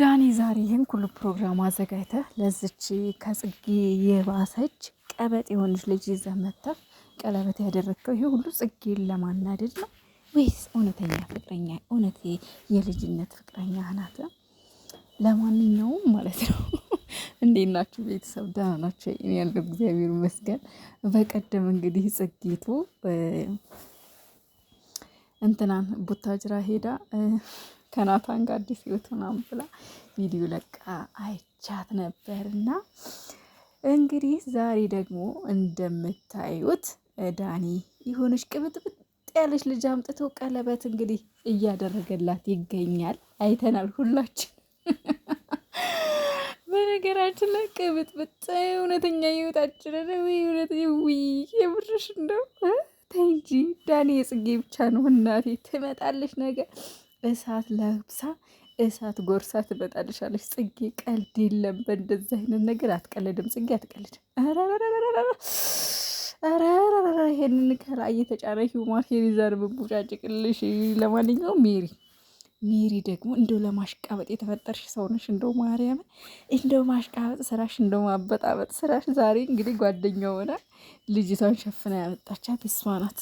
ዳኒ ዛሬ ይህን ሁሉ ፕሮግራም አዘጋጅተ ለዝች ከጽጌ የባሰች ቀበጥ የሆነች ልጅ ይዘህ ቀለበት ያደረግከው ይህ ሁሉ ጽጌን ለማናደድ ነው ወይስ እውነተኛ ፍቅረኛ እውነት የልጅነት ፍቅረኛ ናት? ለማንኛውም ማለት ነው እንዴት ናችሁ ቤተሰብ? ደህና ናቸው ያለው እግዚአብሔር ይመስገን። በቀደም እንግዲህ ጽጌቱ እንትናን ቡታጅራ ሄዳ ከናታን ጋር አዲስ ህይወት ምናምን ብላ ቪዲዮ ለቃ አይቻት ነበር እና እንግዲህ ዛሬ ደግሞ እንደምታዩት ዳኒ የሆነች ቅብጥብጥ ያለች ልጅ አምጥቶ ቀለበት እንግዲህ እያደረገላት ይገኛል። አይተናል ሁላችን። በነገራችን ላይ ቅብጥብጥ እውነተኛ ህይወታችንን ውይ የምርሽ እንደው ተይ እንጂ ዳኒ የጽጌ ብቻ ነው። እናቴ ትመጣለች ነገር እሳት ለብሳ እሳት ጎርሳ ትመጣልሻለች። ጽጌ ቀልድ የለም በእንደዚህ አይነት ነገር አትቀልድም። ጽጌ አትቀልድም። ይሄንን ከራ እየተጫረ ሂውማን ሄሪዘር ብቡጫጭቅልሽ። ለማንኛውም ሜሪ ሜሪ ደግሞ እንደው ለማሽቃበጥ የተፈጠርሽ ሰውነሽ። እንደው ማርያም እንደው ማሽቃበጥ ስራሽ፣ እንደው ማበጣበጥ ስራሽ። ዛሬ እንግዲህ ጓደኛው ሆና ልጅቷን ሸፍና ያመጣቻት እሷ ናት።